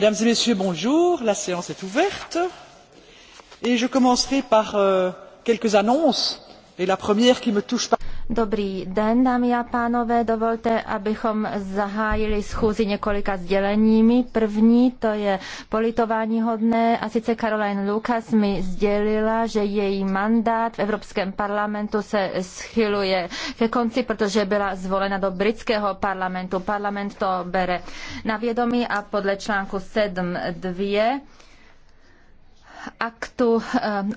mesdames et messieurs bonjour la séance est ouverte et je commencerai par euh, quelques annonces et la première qui me touche particulièrement c'est la tenue de ce débat. Dobrý den, dámy a pánové. Dovolte, abychom zahájili schůzi několika sděleními. První, to je politování hodné, a sice Caroline Lucas mi sdělila, že její mandát v Evropském parlamentu se schyluje ke konci, protože byla zvolena do britského parlamentu. Parlament to bere na vědomí a podle článku 7.2 aktu eh,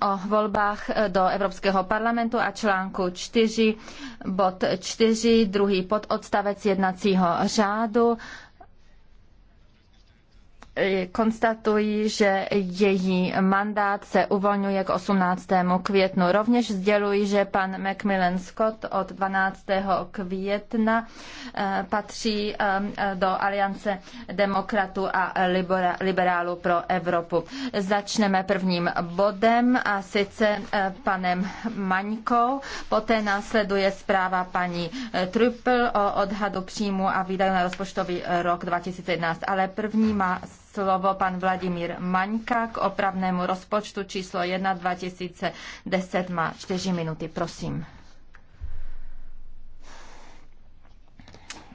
o volbách eh, do Evropského parlamentu a článku 4, bod 4, druhý pododstavec jednacího řádu konstatuji, že její mandát se uvolňuje k 18. květnu. Rovněž sděluji, že pan Macmillan Scott od 12. května eh, patří eh, do Aliance demokratů a liberálů pro Evropu. Začneme prvním bodem a sice eh, panem Maňkou. Poté následuje zpráva paní Trüppel o odhadu příjmu a výdajů na rozpočtový rok 2011. Ale první má slovo pan Vladimír Maňka k opravnému rozpočtu číslo 1 2010. Má 4 minuty, prosím.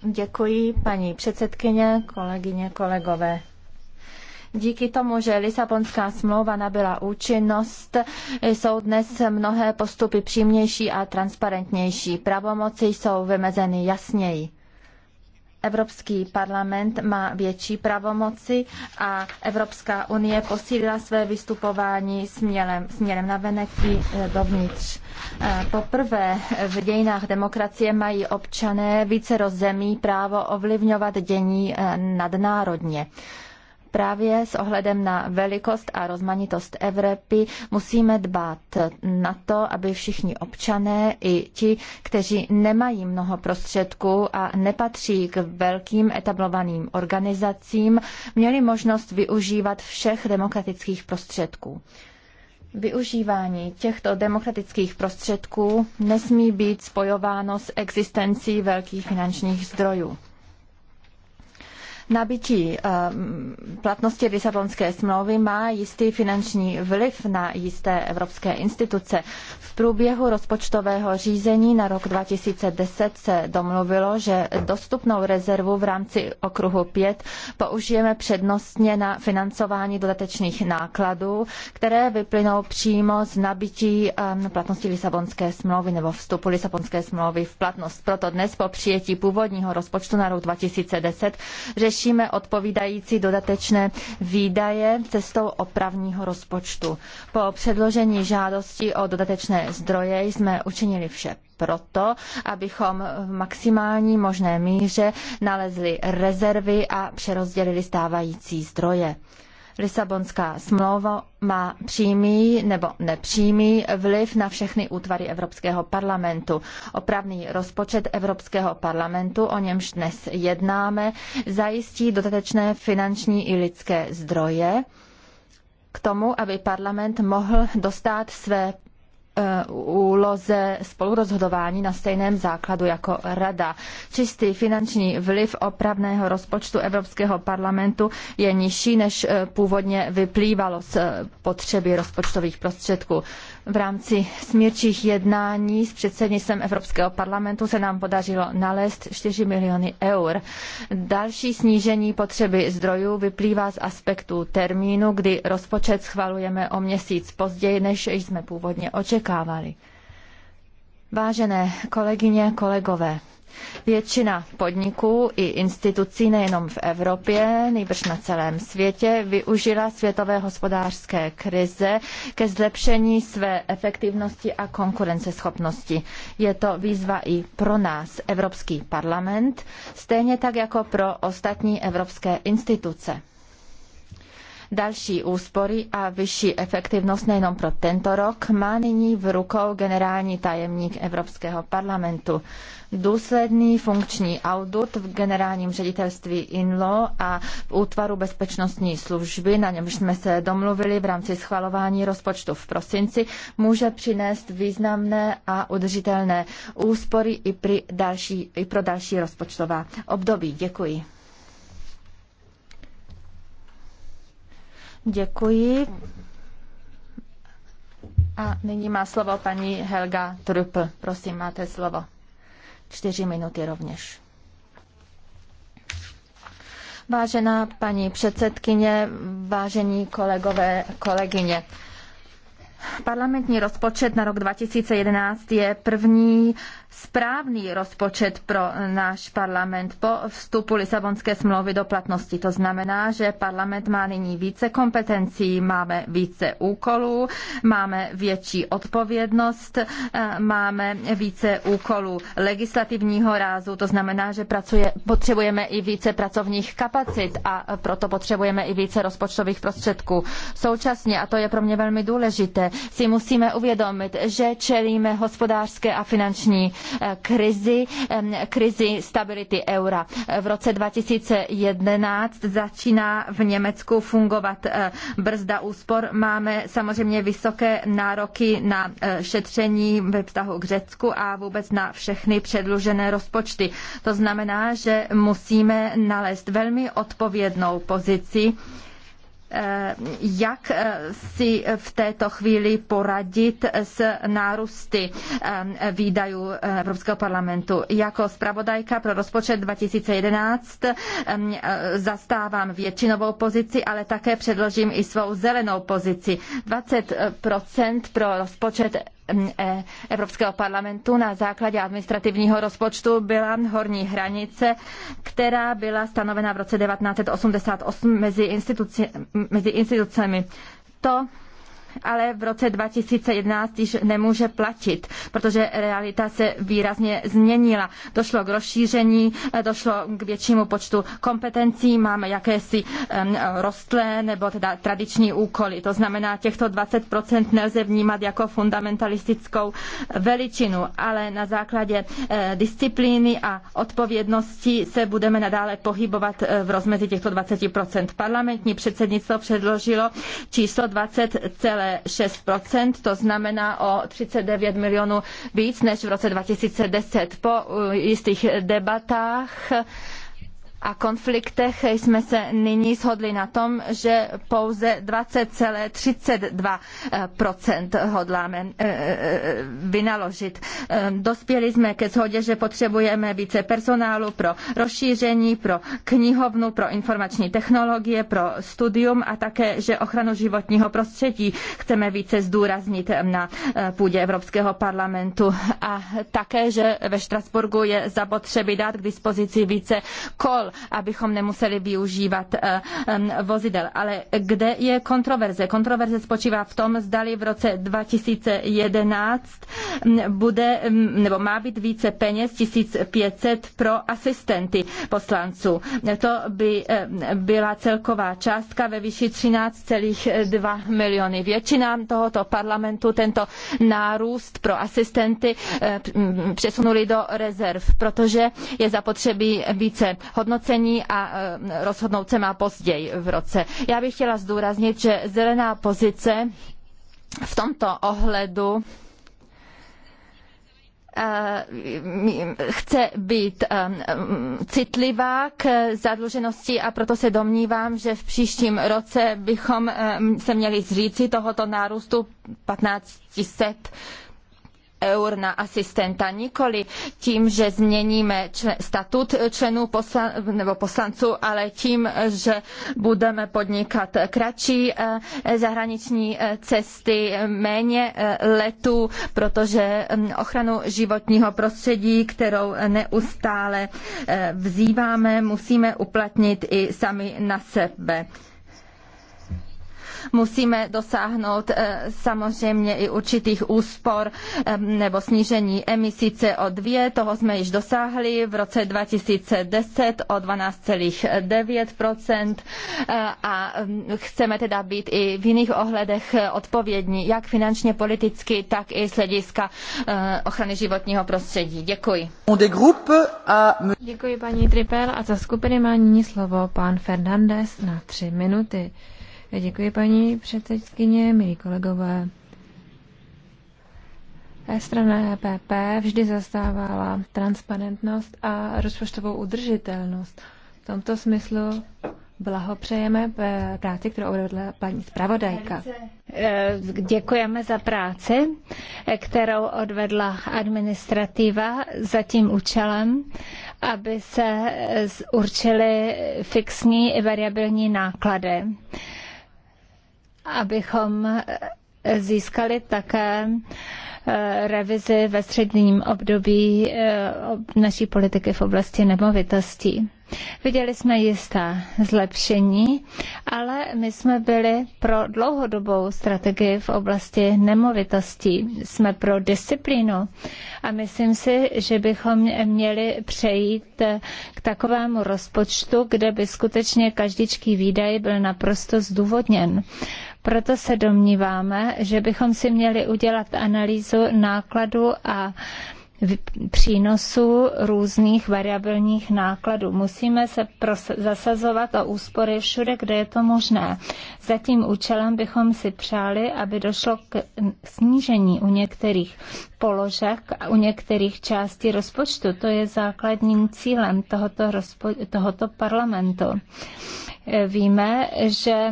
Děkuji, paní předsedkyně, kolegyně, kolegové. Díky tomu, že Lisabonská smlouva nabyla účinnost, jsou dnes mnohé postupy přímější a transparentnější. Pravomoci jsou vymezeny jasněji. Evropský parlament má větší pravomoci a Evropská unie posílila své vystupování směrem, směrem na venek i e, dovnitř. E, poprvé v dějinách demokracie mají občané více rozemí právo ovlivňovat dění e, nadnárodně právě s ohledem na velikost a rozmanitost Evropy musíme dbát na to, aby všichni občané i ti, kteří nemají mnoho prostředků a nepatří k velkým etablovaným organizacím, měli možnost využívat všech demokratických prostředků. Využívání těchto demokratických prostředků nesmí být spojováno s existencí velkých finančních zdrojů nabití eh, platnosti Lisabonské smlouvy má jistý finanční vliv na jisté evropské instituce. V průběhu rozpočtového řízení na rok 2010 se domluvilo, že dostupnou rezervu v rámci okruhu 5 použijeme přednostně na financování dodatečných nákladů, které vyplynou přímo z nabití eh, platnosti Lisabonské smlouvy nebo vstupu Lisabonské smlouvy v platnost. Proto dnes po přijetí původního rozpočtu na rok 2010 řešíme řešíme odpovídající dodatečné výdaje cestou opravního rozpočtu. Po předložení žádosti o dodatečné zdroje jsme učinili vše proto, abychom v maximální možné míře nalezli rezervy a přerozdělili stávající zdroje. Lisabonská smlouva má přímý nebo nepřímý vliv na všechny útvary Evropského parlamentu. Opravný rozpočet Evropského parlamentu, o němž dnes jednáme, zajistí dodatečné finanční i lidské zdroje k tomu, aby parlament mohl dostat své Eh, úloze spolurozhodování na stejném základu jako rada. Čistý finanční vliv opravného rozpočtu Evropského parlamentu je nižší, než eh, původně vyplývalo z eh, potřeby rozpočtových prostředků. V rámci smírčích jednání s předsednictvem Evropského parlamentu se nám podařilo nalézt 4 miliony eur. Další snížení potřeby zdrojů vyplývá z aspektu termínu, kdy rozpočet schvalujeme o měsíc později, než jsme původně očekávali očekávali. Vážené kolegyně, kolegové, Většina podniků i institucí nejenom v Evropě, nejbrž na celém světě, využila světové hospodářské krize ke zlepšení své efektivnosti a konkurenceschopnosti. Je to výzva i pro nás, Evropský parlament, stejně tak jako pro ostatní evropské instituce. Další úspory a vyšší efektivnost nejenom pro tento rok má nyní v rukou generální tajemník Evropského parlamentu. Důsledný funkční audit v generálním ředitelství INLO a v útvaru bezpečnostní služby, na němž jsme se domluvili v rámci schvalování rozpočtu v prosinci, může přinést významné a udržitelné úspory i, pro další rozpočtová období. Děkuji. Děkuji. A nyní má slovo paní Helga Trupl. Prosím, máte slovo. Čtyři minuty rovněž. Vážená paní předsedkyně, vážení kolegové, kolegyně. Parlamentní rozpočet na rok 2011 je první správný rozpočet pro náš parlament po vstupu Lisabonské smlouvy do platnosti. To znamená, že parlament má nyní více kompetencí, máme více úkolů, máme větší odpovědnost, eh, máme více úkolů legislativního rázu, to znamená, že pracuje, potřebujeme i více pracovních kapacit a proto potřebujeme i více rozpočtových prostředků. Současně, a to je pro mě velmi důležité, si musíme uvědomit, že čelíme hospodářské a finanční krizi, krizi stability eura. V roce 2011 začíná v Německu fungovat eh, brzda úspor. Máme samozřejmě vysoké nároky na eh, šetření ve vztahu k Řecku a vůbec na všechny předlužené rozpočty. To znamená, že musíme nalézt velmi odpovědnou pozici, Eh, jak eh, si v této chvíli poradit s nárůsty eh, výdajů Evropského parlamentu. Jako zpravodajka pro rozpočet 2011 zastávám většinovou pozici, ale také předložím i svou zelenou pozici. 20 pro rozpočet E, Evropského parlamentu na základě administrativního rozpočtu byla horní hranice, která byla stanovena v roce 1988 mezi, instituci, mezi institucemi. To ale v roce 2011 již nemůže platit, protože realita se výrazně změnila. Došlo k rozšíření, došlo k většímu počtu kompetencí, máme jakési rostlé nebo teda tradiční úkoly. To znamená, těchto 20% nelze vnímat jako fundamentalistickou veličinu, ale na základě eh, disciplíny a odpovědnosti se budeme nadále pohybovat eh, v rozmezí těchto 20%. Parlamentní předsednictvo předložilo číslo 20 celé 2,6%, to znamená o 39 milionů víc než v roce 2010. Po eh, jistých debatách a konfliktech jsme se nyní shodli na tom, že pouze 20,32 hodláme eh, eh, vynaložit. Eh, dospěli jsme ke shodě, že potřebujeme více personálu pro rozšíření, pro knihovnu, pro informační technologie, pro studium a také, že ochranu životního prostředí chceme více zdůraznit na půdě Evropského parlamentu a také, že ve Štrasburgu je zapotřebí dát k dispozici více kol abychom nemuseli využívat eh, vozidel. Ale kde je kontroverze? Kontroverze spočívá v tom, zdali v roce 2011 mm, bude mm, nebo má být více peněz 1500 pro asistenty poslanců. To by byla celková částka ve výši 13,2 miliony. Většina tohoto parlamentu tento nárůst pro asistenty eh, přesunuli do rezerv, protože je zapotřebí více hodnocení hodnocení a e, rozhodnout se má později v roce. Já bych chtěla zdůraznit, že zelená pozice v tomto ohledu e, chce být e, citlivá k zadluženosti a proto se domnívám, že v příštím roce bychom se měli zříci tohoto nárůstu 1500 eur na asistenta. Nikoli tím, že změníme statut členů poslan, nebo poslanců, ale tím, že budeme podnikat kratší eh, zahraniční eh, cesty, méně eh, letů, protože hm, ochranu životního prostředí, kterou neustále vzýváme, musíme uplatnit i sami na sebe musíme dosáhnout eh, samozřejmě i určitých úspor eh, nebo snížení emisí CO2. Toho jsme již dosáhli v roce 2010 o 12,9 eh, a mm, chceme teda být i v jiných ohledech odpovědní, jak finančně, politicky, tak i z hlediska ochrany životního prostředí. Děkuji. Děkuji paní Tripel a za skupiny má nyní slovo pan Fernandez na tři minuty. Já děkuji paní předsedkyně, milí kolegové. Strana EPP vždy zastávala transparentnost a rozpočtovou udržitelnost. V tomto smyslu blahopřejeme práci, kterou odvedla paní zpravodajka. Děkujeme za práci, kterou odvedla administrativa za tím účelem, aby se určily fixní i variabilní náklady abychom získali také eh, revizi ve středním období eh, naší politiky v oblasti nemovitostí. Viděli jsme jistá zlepšení, ale my jsme byli pro dlouhodobou strategii v oblasti nemovitostí. Jsme pro disciplínu a myslím si, že bychom měli přejít eh, k takovému rozpočtu, kde by skutečně každičký výdaj byl naprosto zdůvodněn. Proto se domníváme, že bychom si měli udělat analýzu nákladu a přínosu různých variabilních nákladů. Musíme se zasazovat o úspory všude, kde je to možné. Za tím účelem bychom si přáli, aby došlo k snížení u některých položek a u některých částí rozpočtu. To je základním cílem tohoto, tohoto parlamentu. Víme, že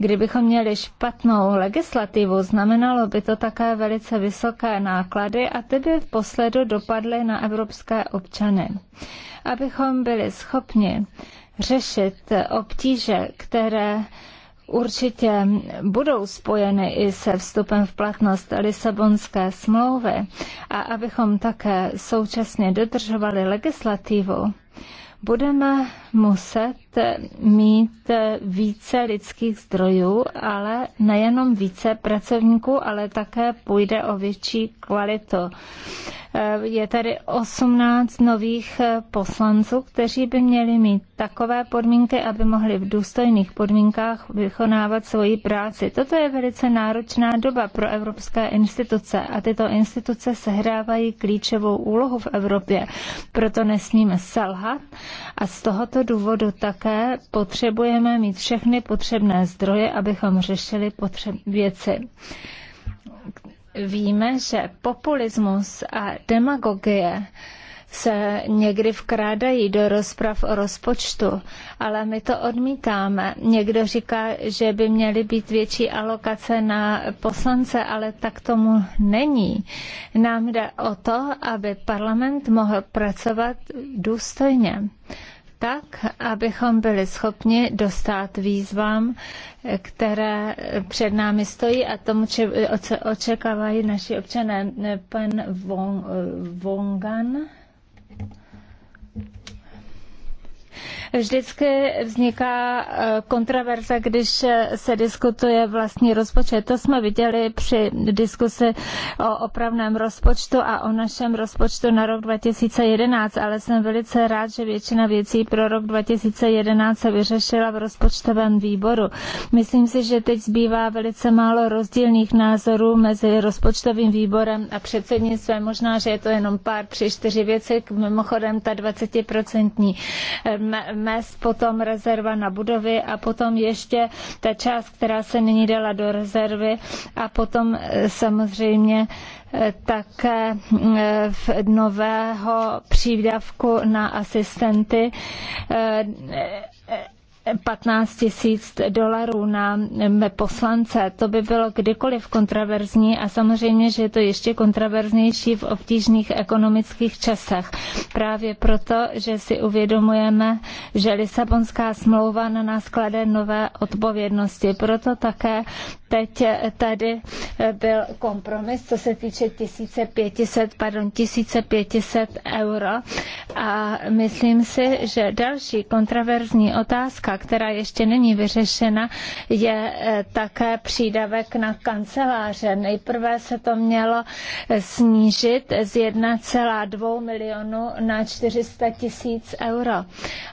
Kdybychom měli špatnou legislativu, znamenalo by to také velice vysoké náklady a ty by v posledu dopadly na evropské občany. Abychom byli schopni řešit obtíže, které určitě budou spojeny i se vstupem v platnost Lisabonské smlouvy a abychom také současně dodržovali legislativu, budeme muset mít více lidských zdrojů, ale nejenom více pracovníků, ale také půjde o větší kvalitu. Eh, je tady 18 nových eh, poslanců, kteří by měli mít takové podmínky, aby mohli v důstojných podmínkách vykonávat svoji práci. Toto je velice náročná doba pro evropské instituce a tyto instituce sehrávají klíčovou úlohu v Evropě. Proto nesmíme selhat a z tohoto důvodu také potřebujeme mít všechny potřebné zdroje, abychom řešili potřeb věci víme, že populismus a demagogie se někdy vkrádají do rozprav o rozpočtu, ale my to odmítáme. Někdo říká, že by měly být větší alokace na poslance, ale tak tomu není. Nám jde o to, aby parlament mohl pracovat důstojně tak, abychom byli schopni dostat výzvám, které před námi stojí a tomu, či, očekávají naši občané. Pan Wong, Wongan. Vždycky vzniká eh, kontroverze, když eh, se diskutuje vlastní rozpočet. To jsme viděli při diskusi o opravném rozpočtu a o našem rozpočtu na rok 2011, ale jsem velice rád, že většina věcí pro rok 2011 se vyřešila v rozpočtovém výboru. Myslím si, že teď zbývá velice málo rozdílných názorů mezi rozpočtovým výborem a předsednictvem. Možná, že je to jenom pár, tři, čtyři věci. Mimochodem, ta 20% mest, potom rezerva na budovy a potom ještě ta část, která se nyní dala do rezervy a potom e, samozřejmě e, také e, v nového přídavku na asistenty 15 tisíc dolarů na poslance. To by bylo kdykoliv kontroverzní a samozřejmě, že je to ještě kontroverznější v obtížných ekonomických časech. Právě proto, že si uvědomujeme, že Lisabonská smlouva na nás klade nové odpovědnosti. Proto také teď tady e, byl kompromis, co se týče 1500, pardon, 1500 euro. A myslím si, že další kontroverzní otázka, která ještě není vyřešena, je eh, také přídavek na kanceláře. Nejprve se to mělo snížit z 1,2 milionu na 400 tisíc euro.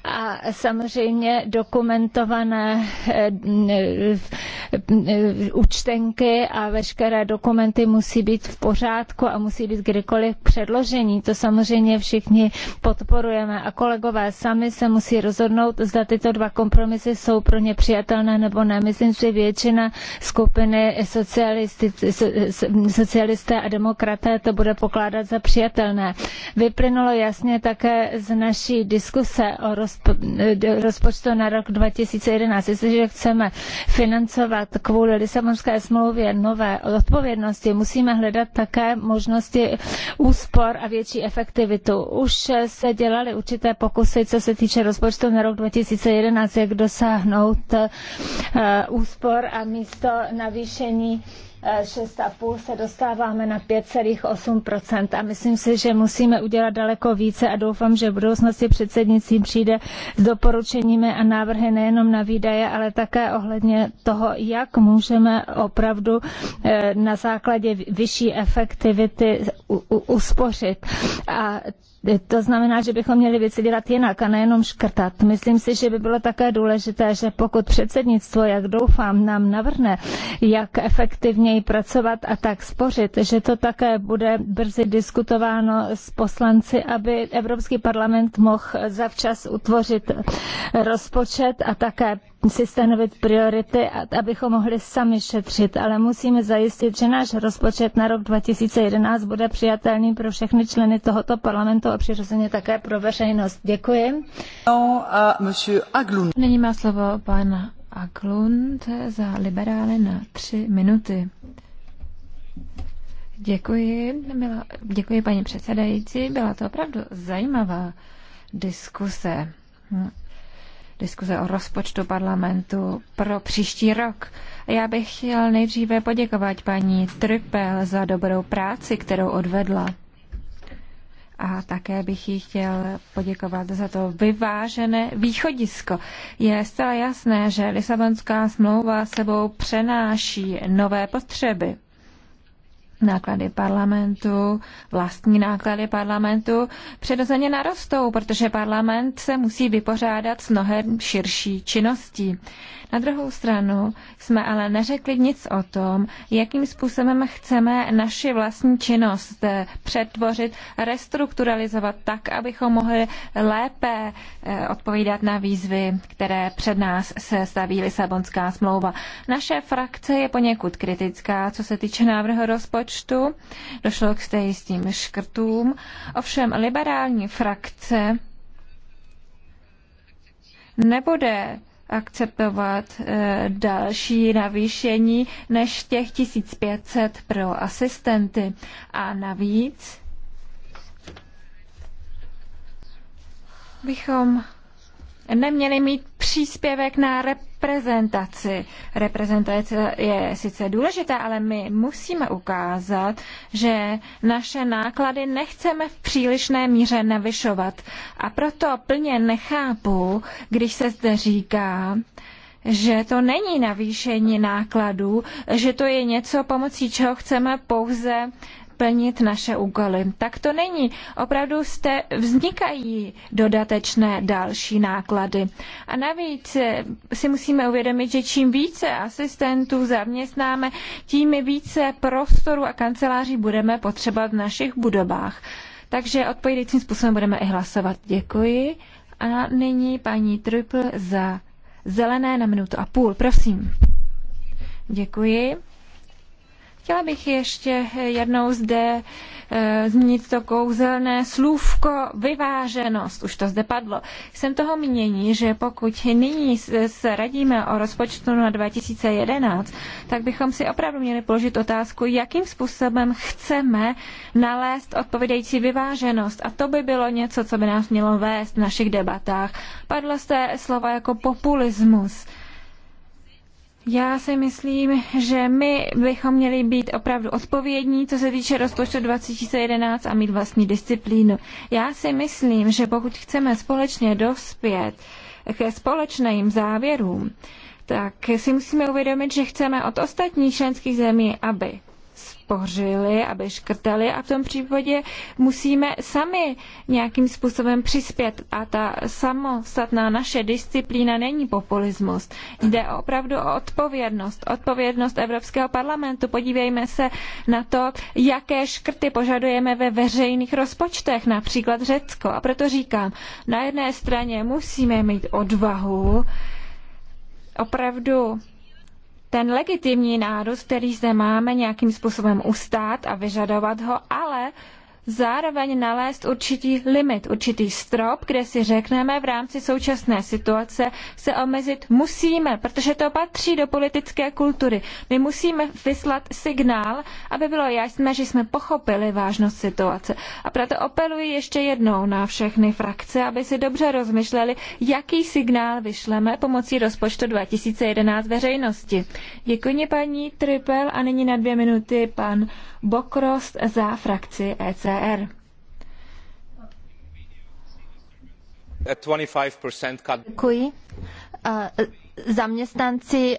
A samozřejmě dokumentované eh, účtenky a veškeré dokumenty musí být v pořádku a musí být kdykoliv předložení. To samozřejmě všichni podporujeme a kolegové sami se musí rozhodnout, zda tyto dva kompromisy kompromisy jsou pro ně přijatelné nebo ne. Myslím si, že většina skupiny socialisté a demokraté to bude pokládat za přijatelné. Vyplynulo jasně také z naší diskuse o rozpo, rozpočtu na rok 2011. Jestliže chceme financovat kvůli Lisabonské smlouvě nové odpovědnosti, musíme hledat také možnosti úspor a větší efektivitu. Už se dělaly určité pokusy, co se týče rozpočtu na rok 2011, výsledek dosáhnout eh, úspor a místo navýšení 6,5 se dostáváme na 5,8 a myslím si, že musíme udělat daleko více a doufám, že v budoucnosti předsednictví přijde s doporučeními a návrhy nejenom na výdaje, ale také ohledně toho, jak můžeme opravdu eh, na základě vyšší efektivity uspořit. A to znamená, že bychom měli věci dělat jinak a nejenom škrtat. Myslím si, že by bylo také důležité, že pokud předsednictvo, jak doufám, nám navrhne, jak efektivně efektivněji pracovat a tak spořit, že to také bude brzy diskutováno s poslanci, aby Evropský parlament mohl zavčas utvořit rozpočet a také si stanovit priority, abychom mohli sami šetřit, ale musíme zajistit, že náš rozpočet na rok 2011 bude přijatelný pro všechny členy tohoto parlamentu a přirozeně také pro veřejnost. Děkuji. No, Nyní má slovo pan Aklund za liberály na tři minuty. Děkuji, byla, děkuji paní předsedající. Byla to opravdu zajímavá diskuse. Diskuse o rozpočtu parlamentu pro příští rok. Já bych chtěl nejdříve poděkovat paní Trypel za dobrou práci, kterou odvedla a také bych jí chtěl poděkovat za to vyvážené východisko. Je zcela jasné, že Lisabonská smlouva sebou přenáší nové potřeby náklady parlamentu, vlastní náklady parlamentu přirozeně narostou, protože parlament se musí vypořádat s mnohem širší činností. Na druhou stranu jsme ale neřekli nic o tom, jakým způsobem chceme naši vlastní činnost přetvořit, restrukturalizovat tak, abychom mohli lépe eh, odpovídat na výzvy, které před nás se staví Lisabonská smlouva. Naše frakce je poněkud kritická, co se týče návrhu rozpočtu rozpočtu, došlo k jistým škrtům, ovšem liberální frakce nebude akceptovat eh, další navýšení než těch 1500 pro asistenty. A navíc bychom neměli mít příspěvek na reprezentaci. Reprezentace je sice důležitá, ale my musíme ukázat, že naše náklady nechceme v přílišné míře navyšovat. A proto plně nechápu, když se zde říká, že to není navýšení nákladů, že to je něco, pomocí čeho chceme pouze plnit naše úkoly. Tak to není. Opravdu jste, vznikají dodatečné další náklady. A navíc eh, si musíme uvědomit, že čím více asistentů zaměstnáme, tím více prostoru a kanceláří budeme potřebovat v našich budovách. Takže odpovídajícím způsobem budeme i hlasovat. Děkuji. A nyní paní Trupl za zelené na minutu a půl. Prosím. Děkuji. Chtěla bych ještě jednou zde eh, zmínit to kouzelné slůvko vyváženost. Už to zde padlo. Jsem toho mění, že pokud nyní se radíme o rozpočtu na 2011, tak bychom si opravdu měli položit otázku, jakým způsobem chceme nalézt odpovědející vyváženost. A to by bylo něco, co by nás mělo vést v našich debatách. Padlo se slova jako populismus. Já si myslím, že my bychom měli být opravdu odpovědní, co se týče rozpočtu 2011 a mít vlastní disciplínu. Já si myslím, že pokud chceme společně dospět ke společným závěrům, tak si musíme uvědomit, že chceme od ostatních členských zemí, aby spořili, aby škrtali a v tom případě musíme sami nějakým způsobem přispět a ta samostatná naše disciplína není populismus. Jde opravdu o odpovědnost, odpovědnost Evropského parlamentu. Podívejme se na to, jaké škrty požadujeme ve veřejných rozpočtech, například Řecko. A proto říkám, na jedné straně musíme mít odvahu opravdu ten legitimní nárůst, který zde máme, nějakým způsobem ustát a vyžadovat ho, ale zároveň nalézt určitý limit, určitý strop, kde si řekneme v rámci současné situace se omezit musíme, protože to patří do politické kultury. My musíme vyslat signál, aby bylo jasné, že jsme pochopili vážnost situace. A proto apeluji ještě jednou na všechny frakce, aby si dobře rozmysleli, jaký signál vyšleme pomocí rozpočtu 2011 veřejnosti. Děkuji paní Tripel a nyní na dvě minuty pan Bokrost za frakci ECR. DDR. E e 25 Děkuji. E, zaměstnanci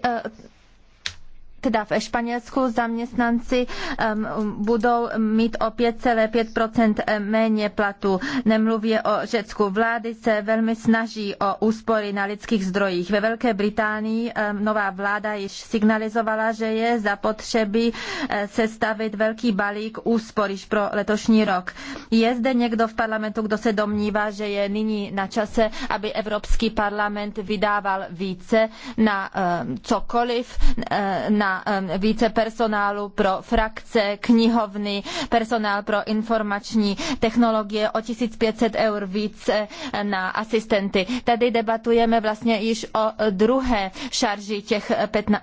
teda v Španělsku zaměstnanci um, budou mít o 5,5 méně platu. Nemluvě o Řecku. Vlády se velmi snaží o úspory na lidských zdrojích. Ve Velké Británii um, nová vláda již signalizovala, že je zapotřebí uh, sestavit velký balík úspor již pro letošní rok. Je zde někdo v parlamentu, kdo se domnívá, že je nyní na čase, aby Evropský parlament vydával více na uh, cokoliv, uh, na na více personálu pro frakce, knihovny, personál pro informační technologie o 1500 eur více eh, na asistenty. Tady debatujeme vlastně již o eh, druhé šarži těch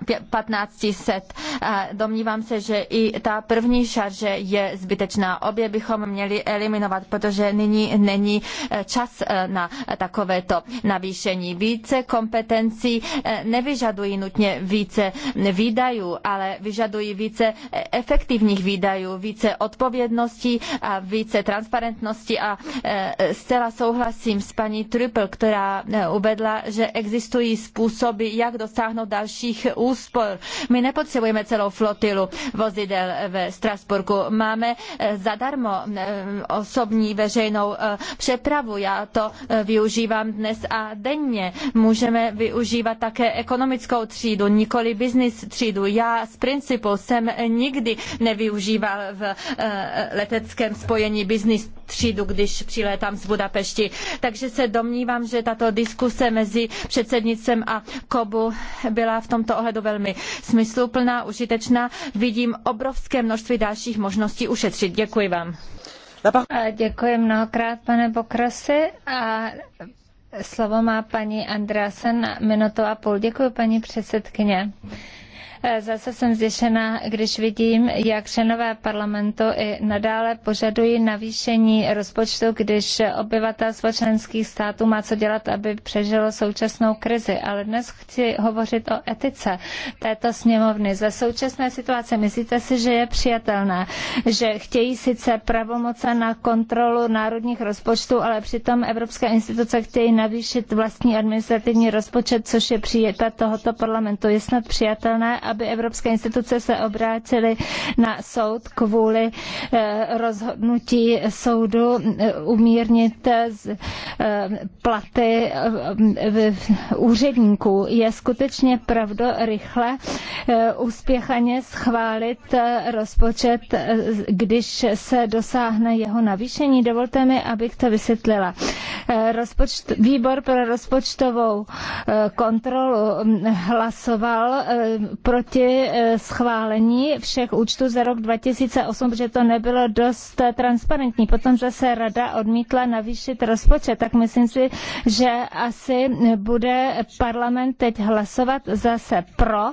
1500. Eh, domnívám se, že i ta první šarže je zbytečná. Obě bychom měli eliminovat, protože nyní není čas na takovéto navýšení. Více kompetencí nevyžadují nutně více výdajů výdajů, ale vyžadují více efektivních výdajů, více odpovědnosti a více transparentnosti a e, zcela souhlasím s paní Triple, která e, uvedla, že existují způsoby, jak dosáhnout dalších úspor. My nepotřebujeme celou flotilu vozidel ve Strasburku. Máme e, zadarmo osobní veřejnou přepravu. Já to využívám dnes a denně. Můžeme využívat také ekonomickou třídu, nikoli business třídu. Já z principu jsem nikdy nevyužíval v eh, leteckém spojení business třídu, když přilétám z Budapešti. Takže se domnívám, že tato diskuse mezi předsednicem a Kobu byla v tomto ohledu velmi smysluplná, užitečná. Vidím obrovské množství dalších možností ušetřit. Děkuji vám. Děkuji mnohokrát, pane Pokrasy. A slovo má paní Andrásen minutu a půl. Děkuji, paní předsedkyně. Eh, zase jsem zděšena, když vidím, jak členové parlamentu i nadále požadují navýšení rozpočtu, když obyvatelstvo členských států má co dělat, aby přežilo současnou krizi. Ale dnes chci hovořit o etice této sněmovny. Za současné situace myslíte si, že je přijatelné, že chtějí sice pravomoce na kontrolu národních rozpočtů, ale přitom evropské instituce chtějí navýšit vlastní administrativní rozpočet, což je přijeta tohoto parlamentu. Je snad přijatelné, aby evropské instituce se obrátily na soud kvůli eh, rozhodnutí soudu eh, umírnit eh, platy úředníků. Je skutečně pravdo rychle úspěchaně schválit rozpočet, když se dosáhne jeho navýšení. Dovolte mi, abych to vysvětlila. Rozpočt, výbor pro rozpočtovou kontrolu hm, hlasoval proti proti eh, schválení všech účtů za rok 2008, že to nebylo dost eh, transparentní. Potom zase rada odmítla navýšit rozpočet, tak myslím si, že asi bude parlament teď hlasovat zase pro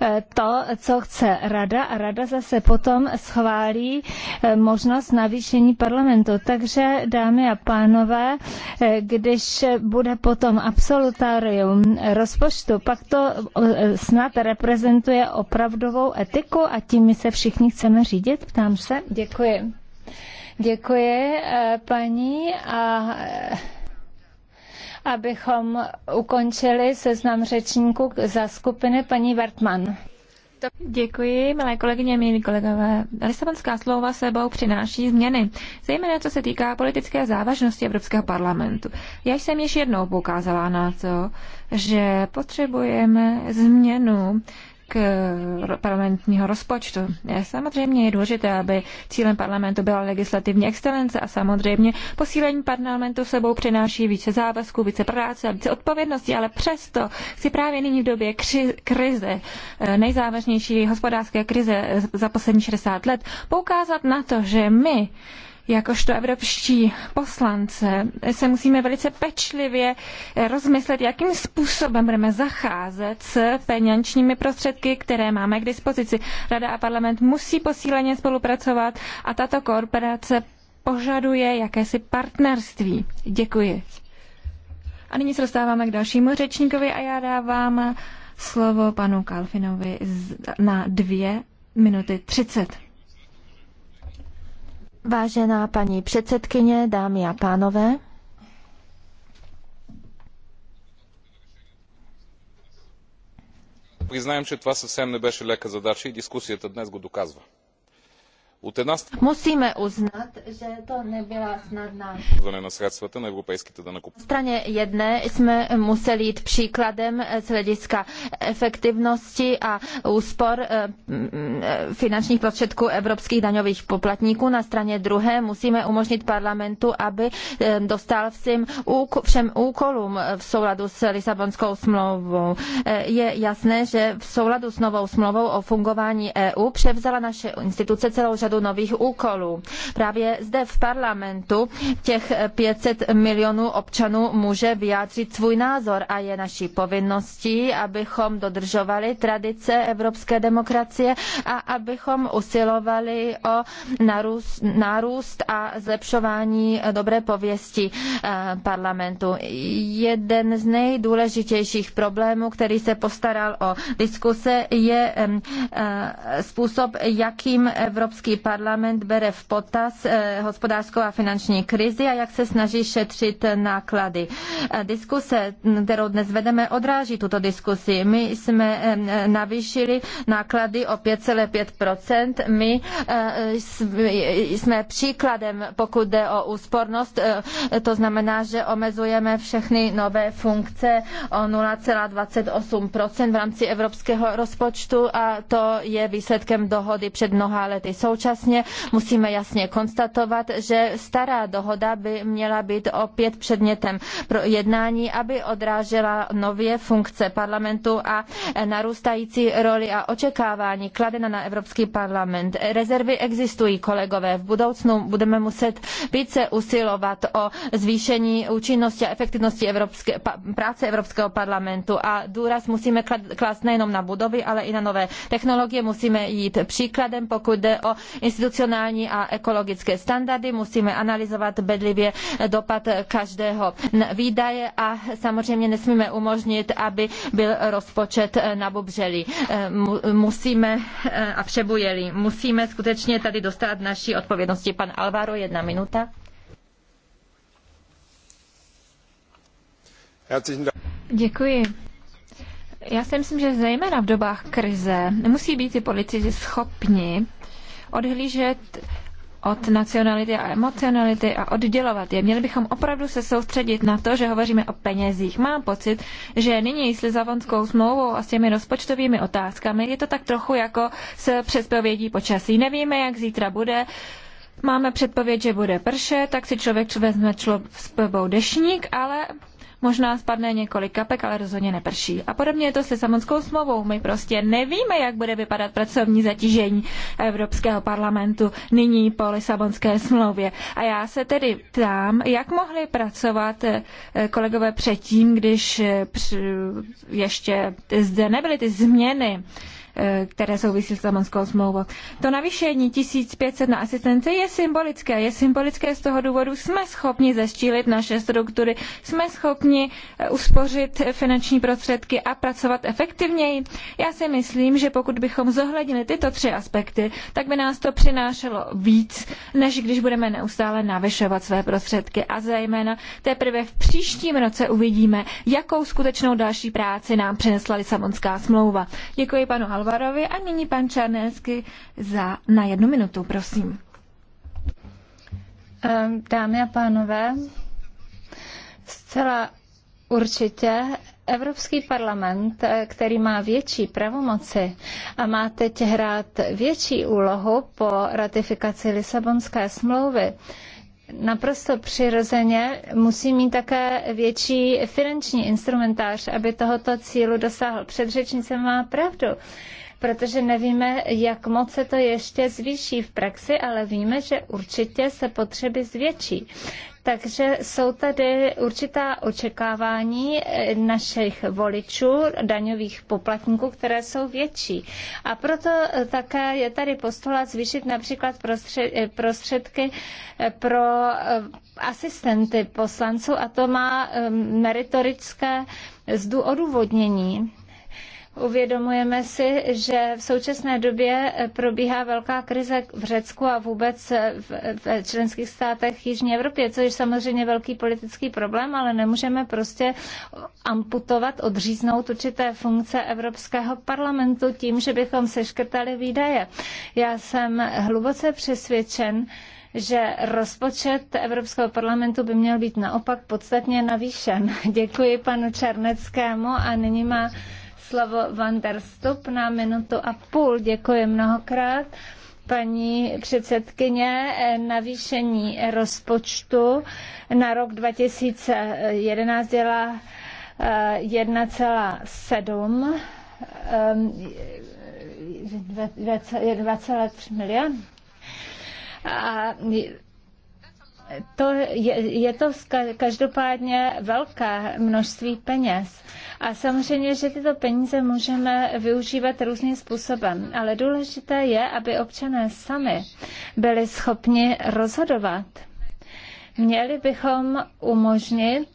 eh, to, co chce rada a rada zase potom schválí možnost navýšení parlamentu. Takže, dámy a pánové, když bude potom absolutorium rozpočtu, pak to snad reprezentuje reprezentuje opravdovou etiku a tím my se všichni chceme řídit? Ptám se. Děkuji. Děkuji, eh, paní. A eh, abychom ukončili seznam řečníků za skupiny paní Vertman. Děkuji, milé kolegyně, milí kolegové. Lisabonská slova sebou přináší změny, zejména co se týká politické závažnosti Evropského parlamentu. Já jsem již jednou poukázala na to, že potřebujeme změnu Eh, parlamentního rozpočtu. Eh, samozřejmě je důležité, aby cílem parlamentu byla legislativní excelence a samozřejmě posílení parlamentu sebou přináší více závazků, více práce a více odpovědnosti, ale přesto si právě nyní v době kři- krize, eh, nejzávažnější hospodářské krize za poslední 60 let, poukázat na to, že my jakožto evropští poslance se musíme velice pečlivě eh, rozmyslet, jakým způsobem budeme zacházet s peněžními prostředky, které máme k dispozici. Rada a parlament musí posíleně spolupracovat a tato korporace požaduje jakési partnerství. Děkuji. A nyní se dostáváme k dalšímu řečníkovi a já dávám slovo panu Kalfinovi na dvě minuty třicet. Vážená paní předsedkyně, dámy a pánové, Признаем, че това съвсем не беше лека задача и дискусията днес го доказва. Musíme uznat, že to nebyla snadná. Na straně jedné jsme museli jít příkladem z hlediska efektivnosti a úspor eh, mm, finančních prostředků evropských daňových poplatníků. Na straně druhé musíme umožnit parlamentu, aby eh, dostal všem, všem úkolům eh, v souladu s Lisabonskou smlouvou. Je jasné, že v souladu s novou smlouvou o fungování EU převzala naše instituce celou řadu řadu nových úkolů. Právě zde v parlamentu těch 500 milionů občanů může vyjádřit svůj názor a je naší povinností, abychom dodržovali tradice evropské demokracie a abychom usilovali o narůst, nárůst a zlepšování dobré pověsti eh, parlamentu. Jeden z nejdůležitějších problémů, který se postaral o diskuse, je eh, způsob, jakým Evropský parlament bere v potaz eh, hospodářskou a finanční krizi a jak se snaží šetřit náklady. Diskuse, kterou dnes vedeme, odráží tuto diskusi. My jsme eh, navýšili náklady o 5,5%. My eh, jsme příkladem, pokud jde o úspornost, to znamená, že omezujeme všechny nové funkce o 0,28% v rámci evropského rozpočtu a to je výsledkem dohody před mnoha lety. Současně Současně musíme jasně konstatovat, že stará dohoda by měla být opět předmětem pro jednání, aby odrážela nově funkce parlamentu a narůstající roli a očekávání kladena na Evropský parlament. Rezervy existují, kolegové. V budoucnu budeme muset více usilovat o zvýšení účinnosti a efektivnosti Evropské, práce Evropského parlamentu a důraz musíme klást nejenom na budovy, ale i na nové technologie. Musíme jít příkladem, pokud jde o institucionální a ekologické standardy. Musíme analyzovat bedlivě dopad každého výdaje a samozřejmě nesmíme umožnit, aby byl rozpočet nabubřelý. Musíme a přebujeli. Musíme skutečně tady dostat naší odpovědnosti. Pan Alvaro, jedna minuta. Děkuji. Já si myslím, že zejména v dobách krize musí být i politici schopni odhlížet od nacionality a emocionality a oddělovat je. Měli bychom opravdu se soustředit na to, že hovoříme o penězích. Mám pocit, že nyní s Lizavonskou smlouvou a s těmi rozpočtovými otázkami je to tak trochu jako s předpovědí počasí. Nevíme, jak zítra bude. Máme předpověď, že bude pršet, tak si člověk vezme člo s pebou dešník, ale Možná spadne několik kapek, ale rozhodně neprší. A podobně je to s Lisabonskou smlouvou. My prostě nevíme, jak bude vypadat pracovní zatížení Evropského parlamentu nyní po Lisabonské smlouvě. A já se tedy ptám, jak mohli pracovat eh, kolegové předtím, když eh, ještě zde nebyly ty změny Eh, které souvisí s Lisabonskou smlouvou. To navýšení 1500 na asistence je symbolické. Je symbolické z toho důvodu, jsme schopni zeštílit naše struktury, jsme schopni eh, uspořit finanční prostředky a pracovat efektivněji. Já si myslím, že pokud bychom zohlednili tyto tři aspekty, tak by nás to přinášelo víc, než když budeme neustále navyšovat své prostředky. A zejména teprve v příštím roce uvidíme, jakou skutečnou další práci nám přinesla Lisabonská smlouva. Děkuji panu Hal Alvarovi a nyní pan Čarnécky za, na jednu minutu, prosím. Ehm, dámy a pánové, zcela určitě Evropský parlament, eh, který má větší pravomoci a má teď hrát větší úlohu po ratifikaci Lisabonské smlouvy, naprosto přirozeně musí mít také větší finanční instrumentář, aby tohoto cílu dosáhl. Předřečnice má pravdu protože nevíme, jak moc se to ještě zvýší v praxi, ale víme, že určitě se potřeby zvětší. Takže jsou tady určitá očekávání eh, našich voličů, daňových poplatníků, které jsou větší. A proto eh, také je tady postulat zvýšit například eh, prostředky pro asistenty poslanců a to má meritorické odůvodnění Uvědomujeme si, že v současné době probíhá velká krize v Řecku a vůbec v členských státech Jižní Evropě, což je samozřejmě velký politický problém, ale nemůžeme prostě amputovat, odříznout určité funkce Evropského parlamentu tím, že bychom seškrtali výdaje. Já jsem hluboce přesvědčen, že rozpočet Evropského parlamentu by měl být naopak podstatně navýšen. Děkuji panu Černeckému a nyní má Slavo van der Stup na minutu a půl. Děkuji mnohokrát paní předsedkyně, navýšení rozpočtu na rok 2011 dělá 1,7 2,3 milion. A to je, je to každopádně velké množství peněz. A samozřejmě, že tyto peníze můžeme využívat různým způsobem, ale důležité je, aby občané sami byli schopni rozhodovat. Měli bychom umožnit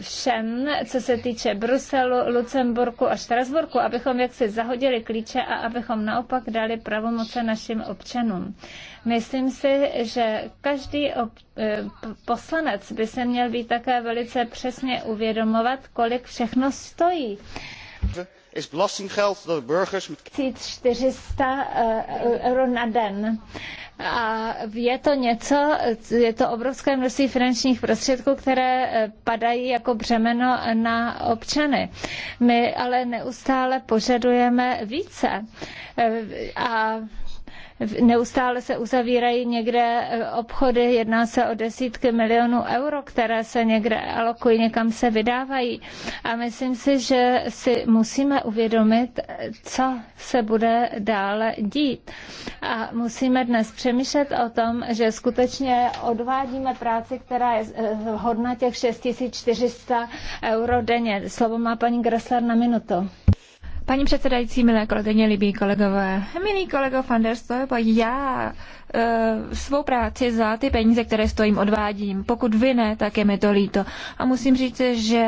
všem, co se týče Bruselu, Lucemburku a Štrasburku, abychom jaksi zahodili klíče a abychom naopak dali pravomoce našim občanům. Myslím si, že každý eh, poslanec by se měl být také velice přesně uvědomovat, kolik všechno stojí is belastinggeld dat de burgers met. 400 eh, euro na den. A je to něco, je to obrovské množství finančních prostředků, které eh, padají jako břemeno na občany. My ale neustále požadujeme více. Eh, a Neustále se uzavírají někde e, obchody, jedná se o desítky milionů euro, které se někde alokují, někam se vydávají. A myslím si, že si musíme uvědomit, e, co se bude dále dít. A musíme dnes přemýšlet o tom, že skutečně odvádíme práci, která je e, hodna těch 6400 euro denně. Slovo má paní Gressler na minutu. Paní předsedající, milé kolegyně, libí kolegové, milý kolego van der Stoep, já e, svou práci za ty peníze, které stojím, odvádím. Pokud vy ne, tak je mi to líto. A musím říct, že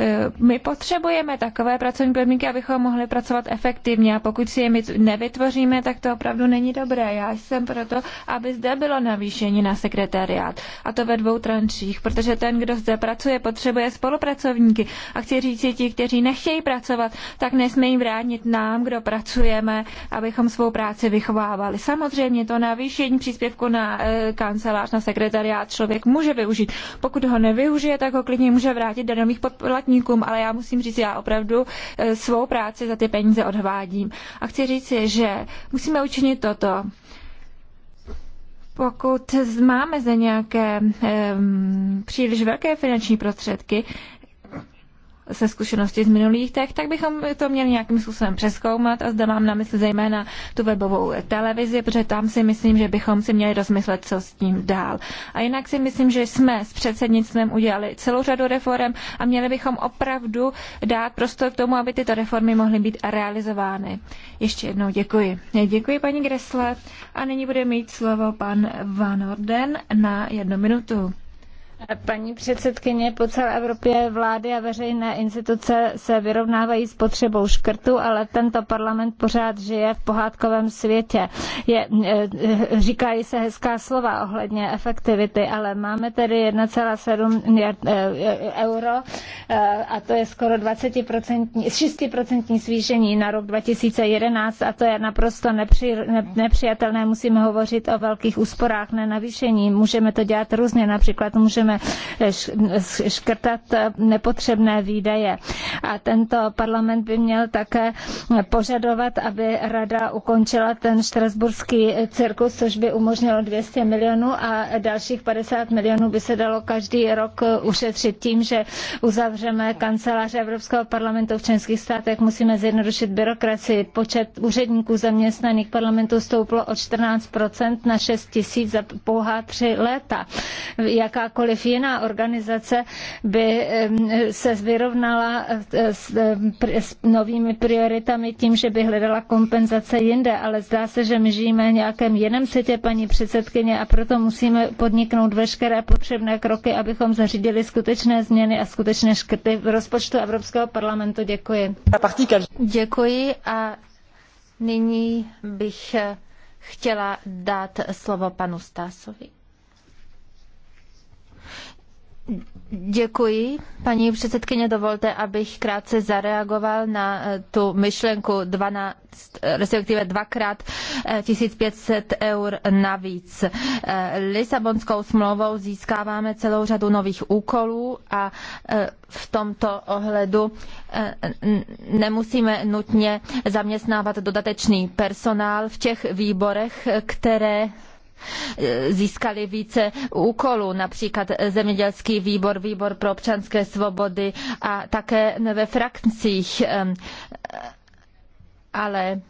Eh, my potřebujeme takové pracovní podmínky, abychom mohli pracovat efektivně a pokud si je my nevytvoříme, tak to opravdu není dobré. Já jsem proto, aby zde bylo navýšení na sekretariát a to ve dvou trančích, protože ten, kdo zde pracuje, potřebuje spolupracovníky a chci říct si ti, kteří nechtějí pracovat, tak nesmí jim bránit nám, kdo pracujeme, abychom svou práci vychovávali. Samozřejmě to navýšení příspěvku na e, kancelář, na sekretariát člověk může využít. Pokud ho nevyužije, tak ho klidně může vrátit do nových podplat poplatníkům, ale já musím říct, já opravdu eh, svou práci za ty peníze odvádím. A chci říct, že musíme učinit toto. Pokud máme za nějaké um, příliš velké finanční prostředky, se zkušenosti z minulých tech, tak bychom to měli nějakým způsobem přeskoumat a zde mám na mysli zejména tu webovou televizi, protože tam si myslím, že bychom si měli rozmyslet, co s tím dál. A jinak si myslím, že jsme s předsednictvem udělali celou řadu reform a měli bychom opravdu dát prostor k tomu, aby tyto reformy mohly být realizovány. Ještě jednou děkuji. Děkuji paní Gresle a nyní bude mít slovo pan Van Orden na jednu minutu. Paní předsedkyně, po celé Evropě vlády a veřejné instituce se vyrovnávají s potřebou škrtu, ale tento parlament pořád žije v pohádkovém světě. Je, eh, říkají se hezká slova ohledně efektivity, ale máme tedy 1,7 miliard eh, eh, euro a to je skoro 20%, 6% zvýšení na rok 2011 a to je naprosto nepři, nepřijatelné. Musíme hovořit o velkých úsporách, ne navýšení. Můžeme to dělat různě, například můžeme můžeme škrtat nepotřebné výdaje. A tento parlament by měl také požadovat, aby rada ukončila ten štrasburský cirkus, což by umožnilo 200 milionů a dalších 50 milionů by se dalo každý rok ušetřit tím, že uzavřeme kanceláře Evropského parlamentu v členských státech, musíme zjednodušit byrokracii. Počet úředníků zaměstnaných parlamentu stouplo o 14% na 6 tisíc za pouhá tři léta. Jakákoliv jakákoliv jiná organizace by se vyrovnala eh, s, s novými prioritami tím, že by hledala kompenzace jinde, ale zdá se, že my žijeme v nějakém jiném světě, paní předsedkyně, a proto musíme podniknout veškeré potřebné kroky, abychom zařídili skutečné změny a skutečné škrty v rozpočtu Evropského parlamentu. Děkuji. Děkuji a nyní bych eh, chtěla dát slovo panu Stásovi. Děkuji. Paní předsedkyně, dovolte, abych krátce zareagoval na eh, tu myšlenku 12, eh, respektive dvakrát 1500 eh, eur navíc. Lisabonskou smlouvou získáváme celou řadu nových úkolů a v tomto ohledu nemusíme nutně zaměstnávat dodatečný personál v těch výborech, které získali více úkolů, například zemědělský výbor, výbor pro občanské svobody a také ve frakcích. Ale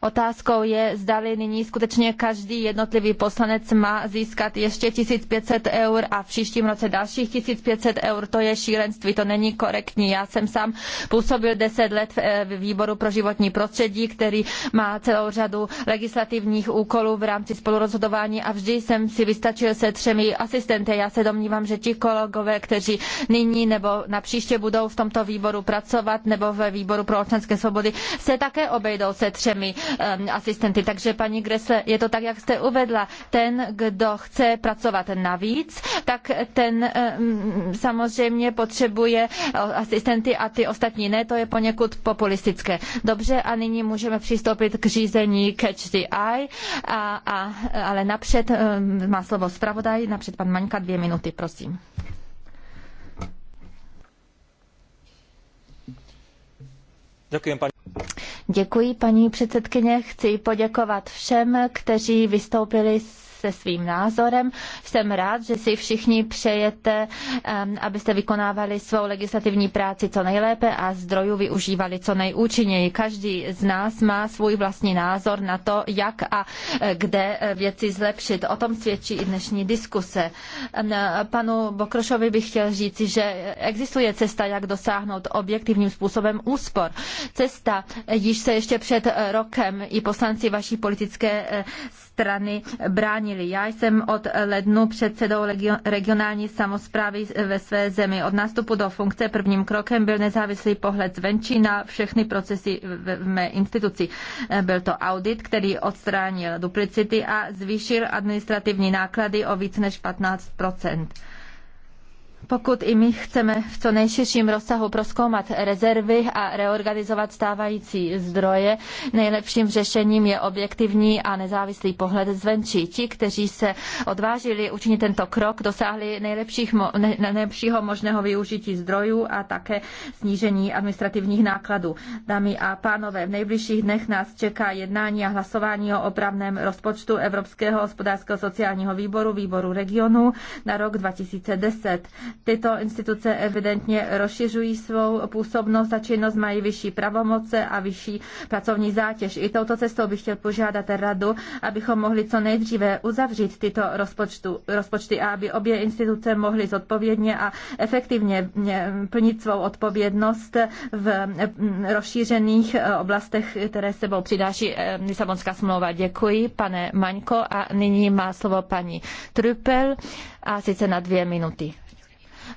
Otázkou je, zdali nyní skutečně každý jednotlivý poslanec má získat ještě 1500 eur a v příštím roce dalších 1500 eur. To je šílenství, to není korektní. Já jsem sám působil 10 let eh, v výboru pro životní prostředí, který má celou řadu legislativních úkolů v rámci spolurozhodování a vždy jsem si vystačil se třemi asistenty. Já se domnívám, že ti kolegové, kteří nyní nebo na příště budou v tomto výboru pracovat nebo ve výboru pro občanské svobody, se také obejdou se třemi sociální eh, asistenty. Takže paní Gresle, je to tak, jak jste uvedla, ten, kdo chce pracovat navíc, tak ten eh, mm, samozřejmě potřebuje eh, asistenty a ty ostatní ne, to je poněkud populistické. Dobře, a nyní můžeme přistoupit k řízení Catch the Eye, a, a, ale napřed má slovo zpravodaj, napřed pan Maňka, dvě minuty, prosím. Děkuji, paní. Děkuji, paní předsedkyně. Chci poděkovat všem, kteří vystoupili s se svým názorem. Jsem rád, že si všichni přejete, abyste vykonávali svou legislativní práci co nejlépe a zdrojů využívali co nejúčinněji. Každý z nás má svůj vlastní názor na to, jak a e, kde e, věci zlepšit. O tom svědčí i dnešní diskuse. E, panu Bokrošovi bych chtěl říci, že existuje cesta, jak dosáhnout objektivním způsobem úspor. Cesta, již se ještě před rokem i poslanci vaší politické strany bránili změnily. Já jsem od lednu předsedou regionální samozprávy ve své zemi. Od nástupu do funkce prvním krokem byl nezávislý pohled zvenčí na všechny procesy v mé instituci. Byl to audit, který odstránil duplicity a zvýšil administrativní náklady o víc než 15 pokud i my chceme v co nejširším rozsahu proskoumat rezervy a reorganizovat stávající zdroje, nejlepším řešením je objektivní a nezávislý pohled zvenčí. Ti, kteří se odvážili učinit tento krok, dosáhli nejlepšího možného využití zdrojů a také snížení administrativních nákladů. Dámy a pánové, v nejbližších dnech nás čeká jednání a hlasování o opravném rozpočtu Evropského hospodářského sociálního výboru, výboru regionu na rok 2010. Tyto instituce evidentně rozšiřují svou působnost a činnost, mají vyšší pravomoce a vyšší pracovní zátěž. I touto cestou bych chtěl požádat radu, abychom mohli co nejdříve uzavřít tyto rozpočtu, rozpočty a aby obě instituce mohly zodpovědně a efektivně eh, plnit svou odpovědnost v mm, rozšířených eh, oblastech, které sebou přidáší eh, Lisabonská smlouva. Děkuji, pane Maňko, a nyní má slovo paní Trupel a sice na dvě minuty.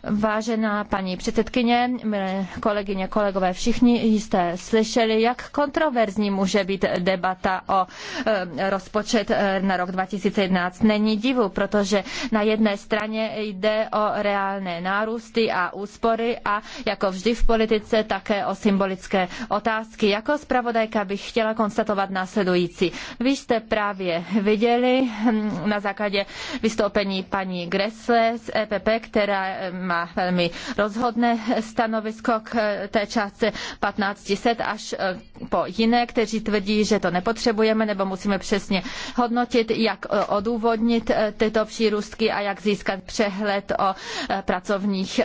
Vážená paní předsedkyně, milé kolegyně, kolegové, všichni jste slyšeli, jak kontroverzní může být debata o e, rozpočet e, na rok 2011. Není divu, protože na jedné straně jde o reálné nárůsty a úspory a jako vždy v politice také o symbolické otázky. Jako zpravodajka bych chtěla konstatovat následující. Vy jste právě viděli hm, na základě vystoupení paní Gressle z EPP, která hm, má velmi rozhodné stanovisko k eh, té částce 1500 až eh, po jiné, kteří tvrdí, že to nepotřebujeme nebo musíme přesně hodnotit, jak eh, odůvodnit tyto přírůstky a jak získat přehled o pracovních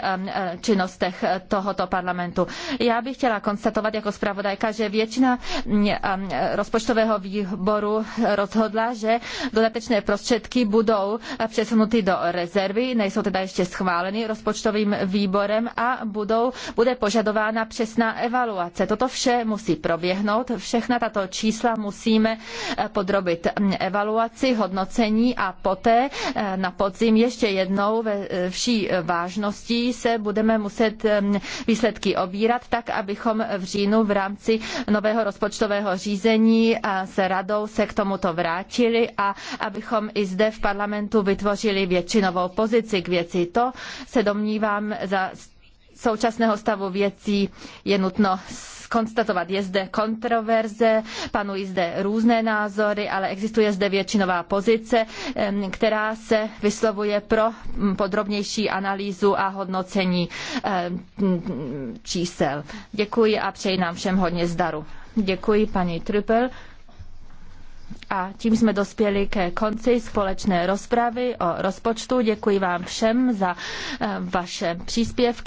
činnostech tohoto parlamentu. Já bych chtěla konstatovat jako zpravodajka, že většina mm, mm, rozpočtového výboru rozhodla, že dodatečné prostředky budou přesunuty do rezervy, nejsou teda ještě schváleny rozpočtovým výborem a budou, bude požadována přesná evaluace. Toto vše musí proběhnout, všechna tato čísla musíme eh, podrobit hm, evaluaci, hodnocení a poté eh, na podzim ještě jednou ve eh, vší vážností se budeme muset hm, výsledky obírat tak, abychom v říjnu v rámci nového rozpočtového řízení s radou se k tomuto vrátili a abychom i zde v parlamentu vytvořili většinovou pozici k věci. To se do domnívám, za současného stavu věcí je nutno konstatovat, je zde kontroverze, panují zde různé názory, ale existuje zde většinová pozice, která se vyslovuje pro podrobnější analýzu a hodnocení čísel. Děkuji a přeji nám všem hodně zdaru. Děkuji paní Trüppel. A tím jsme dospěli ke konci společné rozpravy o rozpočtu. Děkuji vám všem za eh, vaše příspěvky.